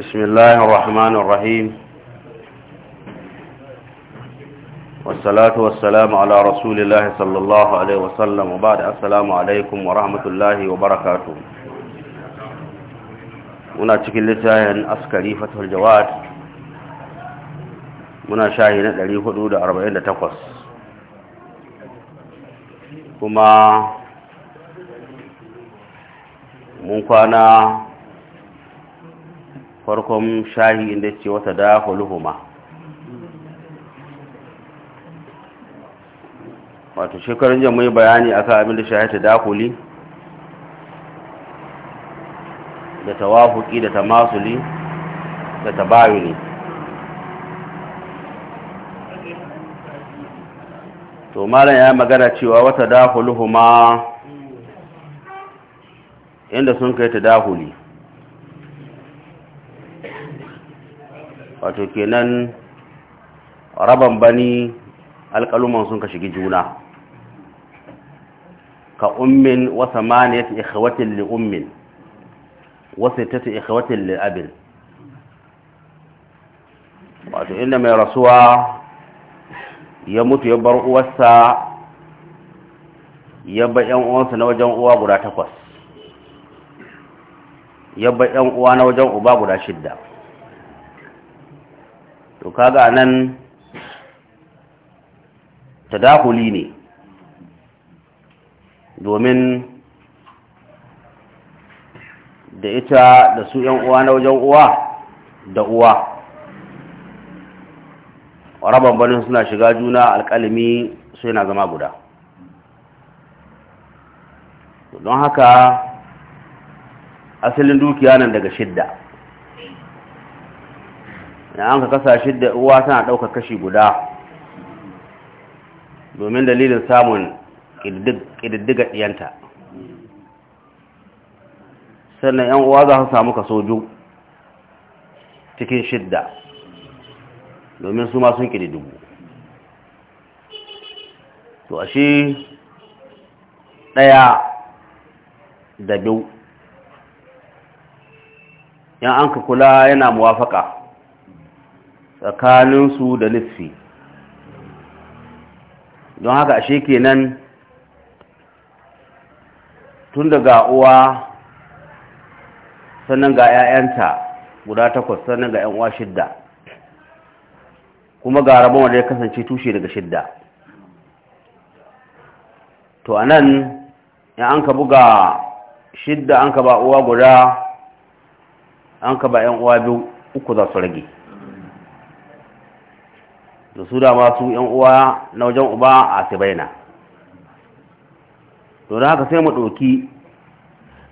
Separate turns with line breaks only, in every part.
بسم الله الرحمن الرحيم والصلاة والسلام على رسول الله صلى الله عليه وسلم وبعد السلام عليكم ورحمة الله وبركاته muna cikin littafin askari fatul jawad muna shahi na 448 kuma mun kwana farkon shahi inda ce wata dahuluhuma wato shekarun jan mai bayani akan abinda shahi ta dahuli da tawafuki da tamasuli da tabayuni to malam ya magana cewa wata dahuluhuma inda sun kai ta dahuli wato kenan raban bani alƙaluman sun ka shigi juna ka ummin wasa ta ikhwatin li ummin wasu ta ta ikhwatin li abin wato inda mai rasuwa ya mutu ya bar uwarsa ya ba yan uwansa na wajen uwa guda takwas ya ba yan uwa na wajen uba guda shidda to kaga nan tadakuli ne domin da ita da su yan uwa na wajen uwa da uwa rabon banin suna shiga juna alkalami su yana zama guda don haka asalin dukiya nan daga shidda da an ka kasa shi da uwa tana ɗaukar kashi guda domin dalilin samun ƙididdiga ɗiyanta sannan yan uwa za su samu kaso ju cikin shidda domin su ma sun to a shi ɗaya da biyu yan an ka kula yana muwafaƙa. tsakaninsu da nisfi don haka ashe kenan tun daga uwa sannan ga 'ya'yanta guda takwas sannan ga 'yan uwa shidda kuma ga rabon wanda ya kasance tushe daga shidda to a nan ya an ka buga shidda an ka ba uwa guda an ka ba 'yan uwa biyu uku za su rage da su da masu ƴan uwa na wajen uba a sibaina to da haka sai mu ɗauki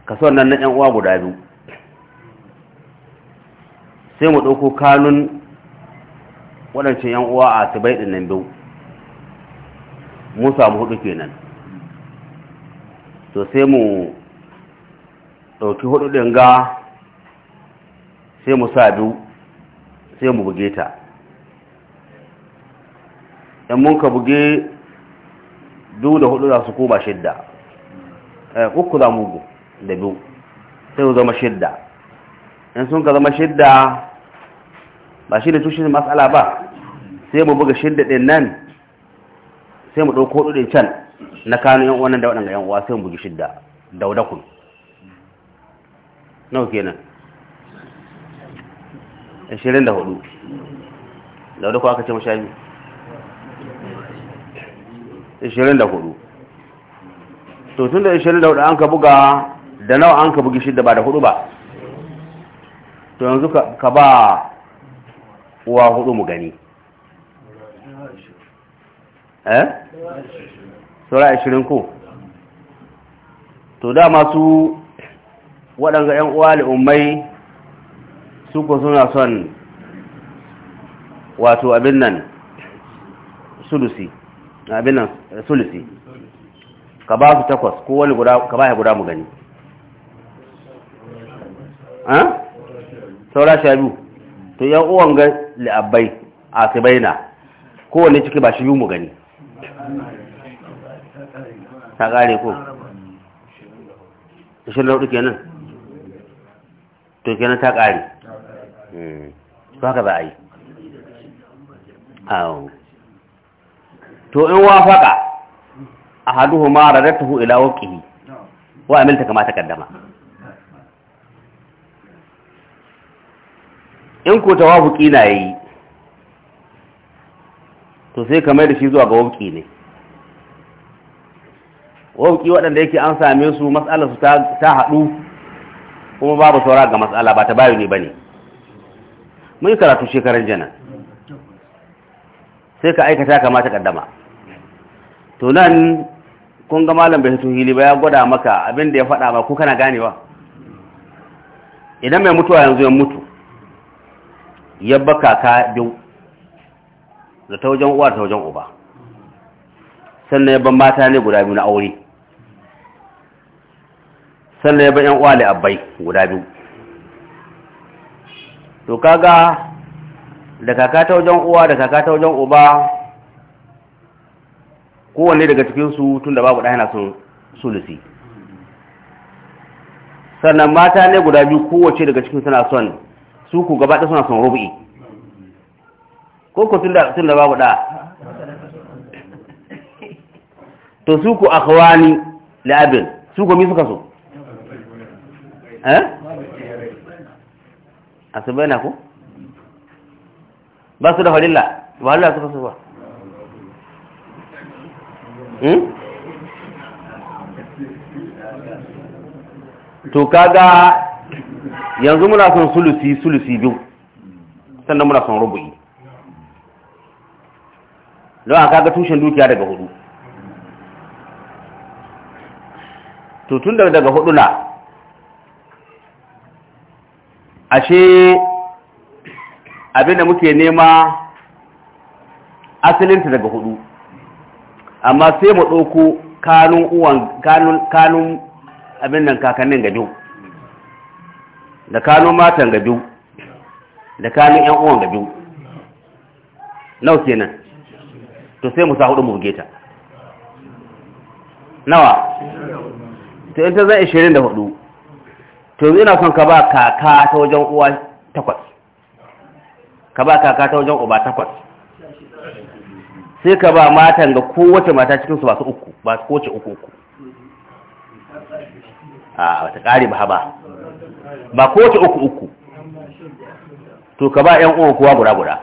kaso nan na ƴan uwa guda biyu sai mu ɗauko kanun waɗancan ƴan uwa a sibai ɗin nan biyu mu samu hudu kenan to sai mu ɗauki hudu ɗin ga sai mu sa biyu sai mu buge ta in mun ka buge biyu da hudu za su koma shidda eh, uku za mugu da biyu sai zama shidda in sun ka zama shidda ba shi da tushen matsala ba sai mu buga shidda ɗin nan sai mu ɗauko hudu ɗin can na kanu yan wannan da waɗanda yan uwa sai mu buga shidda da nawa kenan 24 daudakun aka ce mashayi 24 to tun da 24 an ka buga da nawa an ka bugi shidda ba da hudu ba to yanzu ka ba wa hudu mu gani eh? saura 20 ko to dama su wadanga 'yan uwa al'ummai su ko suna son wato abin nan sulusi abin nan sulusi ka ba su takwas ko wani guda ka ba ya guda mu gani ha saura sha biyu to yan uwan ga li'abbai asibai na kowane ciki ba shi yi mu gani ta kare ko 24 kenan to kenan ta kare hmm. to haka za a yi awo to in wafaka ahaduhuma radatuhu ila waqihi wa amilta kama taqaddama in ko tawafuki na yi to sai ka mai da shi zuwa ga wauki ne wauki waɗanda yake an same su matsalar su ta haɗu kuma babu saura ga matsala ba ta bayu ne ba ne mun yi karatu shekarar jana sai ka aikata kamata kaddama to nan kun ga malam bai fito hili ba ya gwada maka abin da ya faɗa ba ku kana ganewa idan mai mutuwa yanzu ya mutu ya baka ka biyu da ta wajen uwa da ta wajen uba sannan ya ban mata ne guda biyu na aure sannan ya ban yan uwa da abbai guda biyu to kaga da kaka ta wajen uwa da kaka ta wajen uba kowanne daga cikinsu tun da babu ɗaya na sun sulusi sannan mata ne guda biyu kowace daga cikin suna son su ku gaba ɗaya suna son rubu'i ko ku tun da babu ɗaya to su ku akwani la'abin su ku mi suka so eh asibai na ku ba su da halilla ba halilla suka so ba Hmm? to kaga yanzu muna son sulusi sulusi biyu sannan muna son rubu'i don a kaga tushen dukiya daga hudu to tun daga hudu na ashe abinda muke nema asalinta daga hudu amma sai mu ɗauko kanun uwan kanun kanun abin nan kakannin ga biyu da kanun matan ga biyu da kanun ƴan uwan ga biyu nau kenan to sai mu sa hudu mu buge ta nawa to in ta zai 24 to ina son ka ba kaka ta wajen uwa takwas ka ba kaka ta wajen uba takwas sai ka ba matan ga kowace mata cikin su ba uku ba su kowace uku uku a wata kare ba ba ba kowace uku uku to ka ba yan uwa kowa guda guda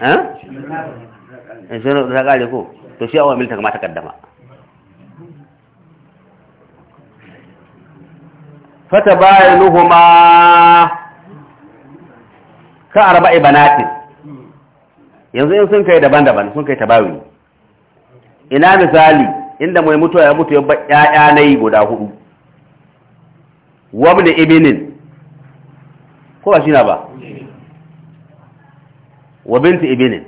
ɗan shirin eh, ta kare ko to shi awon milta ta kaddama fata ma ka arba'i banatin yanzu in sun kai daban-daban sun kai tabawi ina misali inda mai mutu ya mutu ya ba ƴaƴa yi guda hudu wabni ibinin ko ba shi na ba wabinti ibinin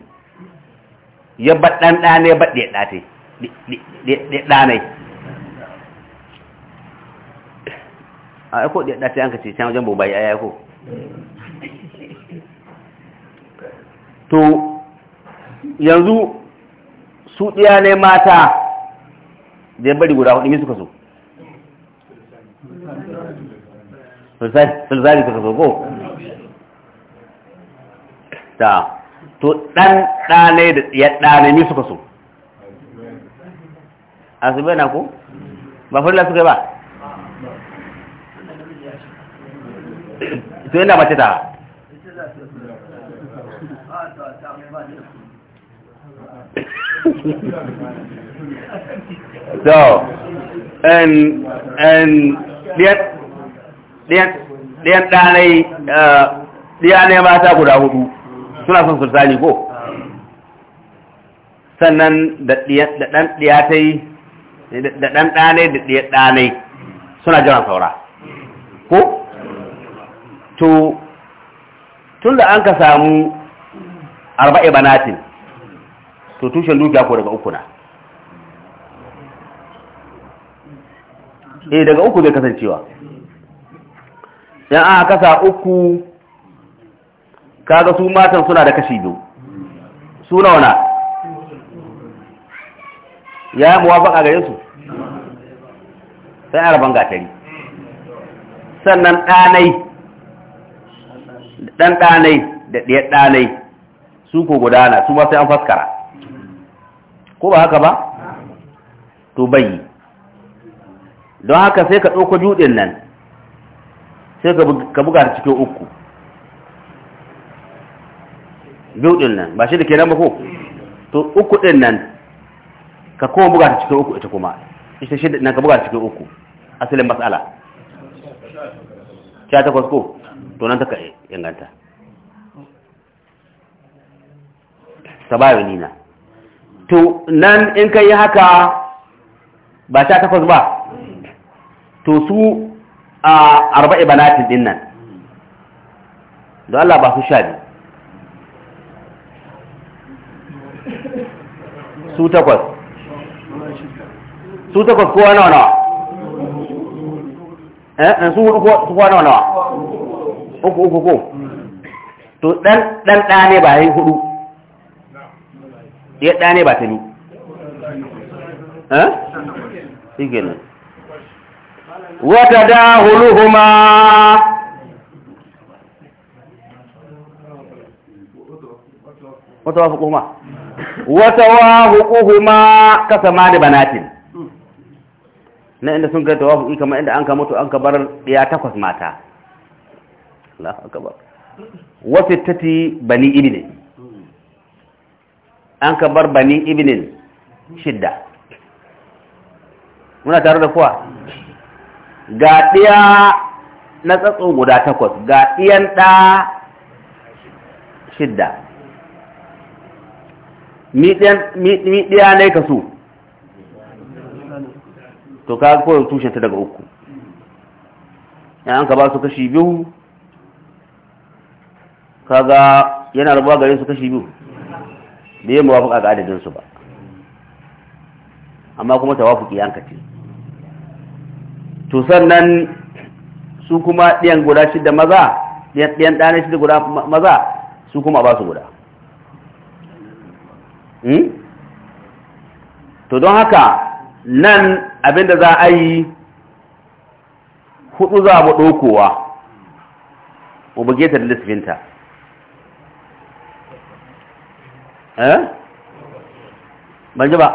ya ba dan ya ba de date de dane a ko de date an ka ce can wajen bobai aya yako. to yanzu su ɗiya ne mata da ya bari guda hudu mai suka so sulzari suka so ko ta to ɗan ɗane da ya ɗane mai suka so a su bai na ko ba farila suka ba to yana mace ta so and and ɗiyan ɗanai ba uh, ta guda hudu suna son sultani ko sannan da ɗan ɗiyatai da ɗan ɗanai da ɗiyan ɗanai suna jiran saura ko? to tun da an ka samu arba'i banatin to tushen dukiya ko daga uku na eh daga uku zai kasancewa yan aka kasa uku kaga su matan suna da kashi biyu su na? ya yi muwafaka gare su sai araban gatari sannan ɗanai ɗan ɗanai da ɗiyar ɗanai su ko gudana su ba sai an faskara ko ba haka ba to bayi don haka sai ka ɗauko juɗin nan sai ka buga ta cikin uku juɗin nan ba shi da ke nan ba ko to uku ɗin nan ka kuma buga ta cikin uku ita kuma ita shi nan ka buga ta cikin uku asalin matsala sha takwas ko to nan ta ka inganta sabayo nina to nan in kai haka ba ta takwas ba to su a arba'i banati din nan don Allah ba su sha biyu su takwas su takwas kowa nawa nawa eh, eh su hudu kowa nawa nawa uku uku ko to dan dan ne ba yi hudu ya ɗaya ne ba ta ni shi kenan wata da huluhuma watawafuquhuma
watawafuquhuma
kasama da banatin na inda sun kai tawafuqi kamar inda an kamoto an ka bar ya takwas mata haka ba wasu sittati bani ibni an ka bar bani ibnin shidda muna tare da kuwa ga ɗiya na tsatso guda takwas ga ɗiyan ɗa shidda mi ɗiya na ka su to ka kowar tushenta daga uku yan ka ba su kashi biyu kaga yana rabuwa gare su kashi biyu da ya muwafuka ga adadin su ba amma kuma tawafuki an kace to sannan su kuma ɗiyan guda shida maza ɗiyan ɗanen shida guda maza su kuma ba su guda hmm? to don haka nan abinda za a yi hudu za mu ɗaukowa mu bugetar eh ban ji ba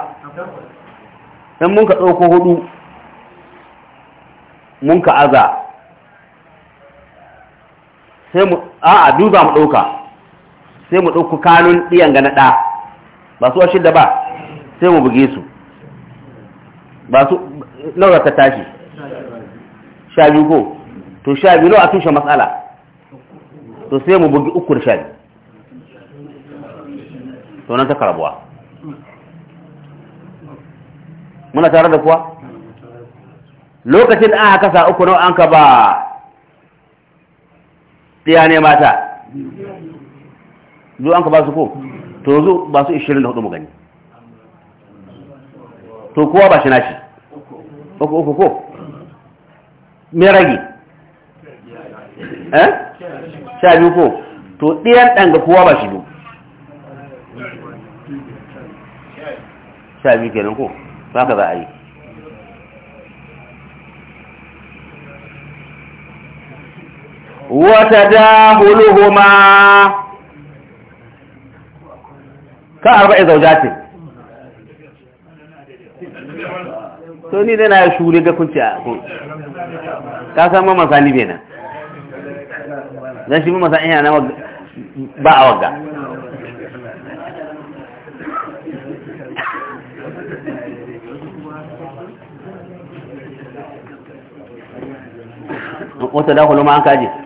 ɗan mun ka ɗauko hudu mun ka aza sai mu a duza mu ɗauka sai mu ɗauku kanun ɗiyan ga na ɗa ba su da ba sai mu buge su ba su nawa ka tashi sha biyu ko to sha biyu nawa a tushen matsala to sai mu bugi uku da sha biyu to nan ta karbuwa muna tare da kuwa lokacin an haka sa uku an ka ba ɗiya ne mata zuwa an ka ba su ko to zo ba su 24 mu gani to kowa ba shi nashi uku uku ko me ragi? eh sha biyu ko to ɗiyan ga kowa ba shi biyu sha biyu kenan ko haka za a yi wata dahuluhuma ka arba'i zaujatin to ni dai na yi shure ga kunci a kun ka san ma masani bai na shi ma masani yana ba a wagga wata da kuluma an kaje